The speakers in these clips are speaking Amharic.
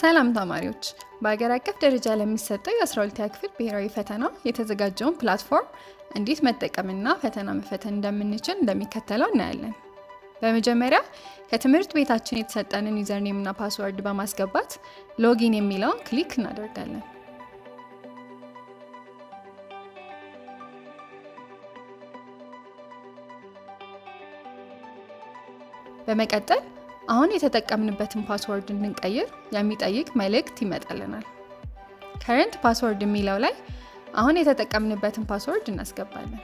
ሰላም ተማሪዎች! በሀገር አቀፍ ደረጃ ለሚሰጠው የ12ኛ ክፍል ብሔራዊ ፈተና የተዘጋጀውን ፕላትፎርም እንዴት መጠቀምና ፈተና መፈተን እንደምንችል እንደሚከተለው እናያለን። በመጀመሪያ ከትምህርት ቤታችን የተሰጠንን ዩዘርኔም ፓስወርድ በማስገባት ሎጊን የሚለውን ክሊክ እናደርጋለን። በመቀጠል አሁን የተጠቀምንበትን ፓስወርድ እንድንቀይር የሚጠይቅ መልእክት ይመጣልናል። ከረንት ፓስወርድ የሚለው ላይ አሁን የተጠቀምንበትን ፓስወርድ እናስገባለን።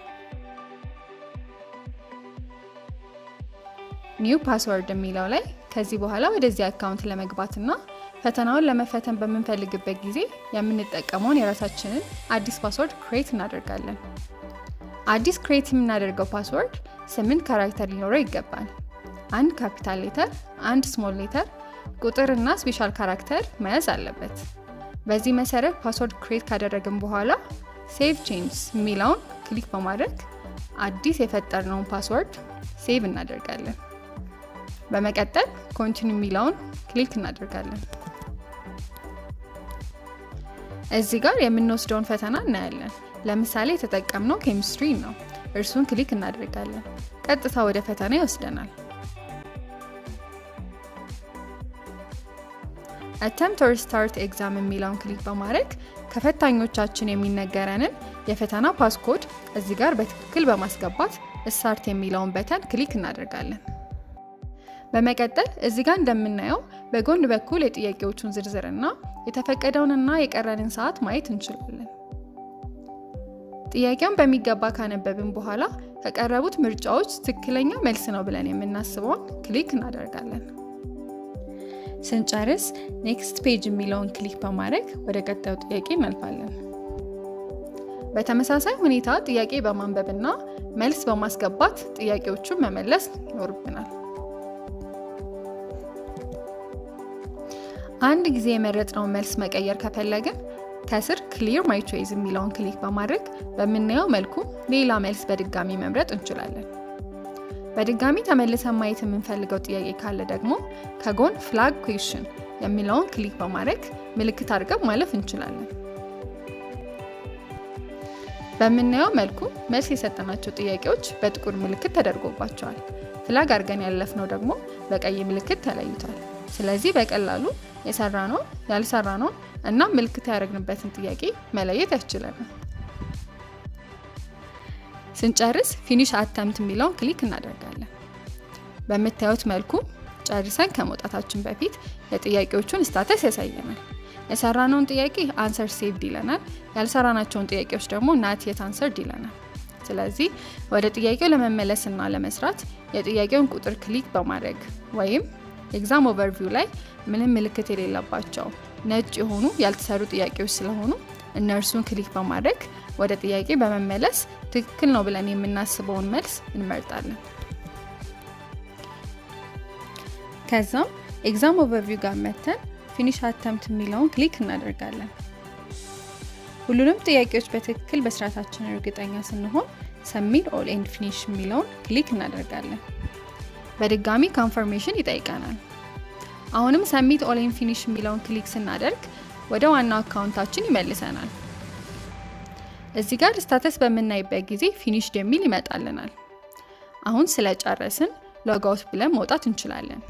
ኒው ፓስወርድ የሚለው ላይ ከዚህ በኋላ ወደዚህ አካውንት ለመግባትና ፈተናውን ለመፈተን በምንፈልግበት ጊዜ የምንጠቀመውን የራሳችንን አዲስ ፓስወርድ ክሬት እናደርጋለን። አዲስ ክሬት የምናደርገው ፓስወርድ ስምንት ካራክተር ሊኖረው ይገባል። አንድ ካፒታል ሌተር፣ አንድ ስሞል ሌተር፣ ቁጥር እና ስፔሻል ካራክተር መያዝ አለበት። በዚህ መሰረት ፓስወርድ ክሬት ካደረግን በኋላ ሴቭ ቼንጅስ የሚለውን ክሊክ በማድረግ አዲስ የፈጠርነውን ፓስወርድ ሴቭ እናደርጋለን። በመቀጠል ኮንቲኒ የሚለውን ክሊክ እናደርጋለን። እዚህ ጋር የምንወስደውን ፈተና እናያለን። ለምሳሌ የተጠቀምነው ኬሚስትሪ ነው። እርሱን ክሊክ እናደርጋለን። ቀጥታ ወደ ፈተና ይወስደናል። አተምፕት ኦር ስታርት ኤግዛም የሚለውን ክሊክ በማድረግ ከፈታኞቻችን የሚነገረንን የፈተና ፓስኮድ እዚህ ጋር በትክክል በማስገባት ስታርት የሚለውን በተን ክሊክ እናደርጋለን። በመቀጠል እዚህ ጋር እንደምናየው በጎን በኩል የጥያቄዎቹን ዝርዝርና የተፈቀደውንና የቀረንን ሰዓት ማየት እንችላለን። ጥያቄውን በሚገባ ካነበብን በኋላ ከቀረቡት ምርጫዎች ትክክለኛ መልስ ነው ብለን የምናስበውን ክሊክ እናደርጋለን። ስንጨርስ ኔክስት ፔጅ የሚለውን ክሊክ በማድረግ ወደ ቀጣዩ ጥያቄ እናልፋለን። በተመሳሳይ ሁኔታ ጥያቄ በማንበብና መልስ በማስገባት ጥያቄዎቹን መመለስ ይኖርብናል። አንድ ጊዜ የመረጥነውን መልስ መቀየር ከፈለግን ከስር ክሊር ማይ ቾይዝ የሚለውን ክሊክ በማድረግ በምናየው መልኩ ሌላ መልስ በድጋሚ መምረጥ እንችላለን። በድጋሚ ተመልሰን ማየት የምንፈልገው ጥያቄ ካለ ደግሞ ከጎን ፍላግ ኩዌሽን የሚለውን ክሊክ በማድረግ ምልክት አድርገን ማለፍ እንችላለን። በምናየው መልኩ መልስ የሰጠናቸው ጥያቄዎች በጥቁር ምልክት ተደርጎባቸዋል። ፍላግ አድርገን ያለፍነው ደግሞ በቀይ ምልክት ተለይቷል። ስለዚህ በቀላሉ የሰራነውን ያልሰራነውን እና ምልክት ያደረግንበትን ጥያቄ መለየት ያስችለናል። ስንጨርስ ፊኒሽ አተምት የሚለውን ክሊክ እናደርጋለን። በምታዩት መልኩ ጨርሰን ከመውጣታችን በፊት የጥያቄዎቹን ስታተስ ያሳየናል። የሰራነውን ጥያቄ አንሰር ሴቭድ ይለናል። ያልሰራናቸውን ጥያቄዎች ደግሞ ናት የት አንሰርድ ይለናል። ስለዚህ ወደ ጥያቄው ለመመለስ እና ለመስራት የጥያቄውን ቁጥር ክሊክ በማድረግ ወይም ኤግዛም ኦቨርቪው ላይ ምንም ምልክት የሌለባቸው ነጭ የሆኑ ያልተሰሩ ጥያቄዎች ስለሆኑ እነርሱን ክሊክ በማድረግ ወደ ጥያቄ በመመለስ ትክክል ነው ብለን የምናስበውን መልስ እንመርጣለን። ከዛም ኤግዛም ኦቨርቪው ጋር መተን ፊኒሽ አተምት የሚለውን ክሊክ እናደርጋለን። ሁሉንም ጥያቄዎች በትክክል በስርዓታችን እርግጠኛ ስንሆን ሰሚን ኦል ኤንድ ፊኒሽ የሚለውን ክሊክ እናደርጋለን። በድጋሚ ኮንፈርሜሽን ይጠይቀናል። አሁንም ሰሚት ኦል ኤንድ ፊኒሽ የሚለውን ክሊክ ስናደርግ ወደ ዋናው አካውንታችን ይመልሰናል። እዚህ ጋር ስታተስ በምናይበት ጊዜ ፊኒሽድ የሚል ይመጣልናል። አሁን ስለጨረስን ሎግ አውት ብለን መውጣት እንችላለን።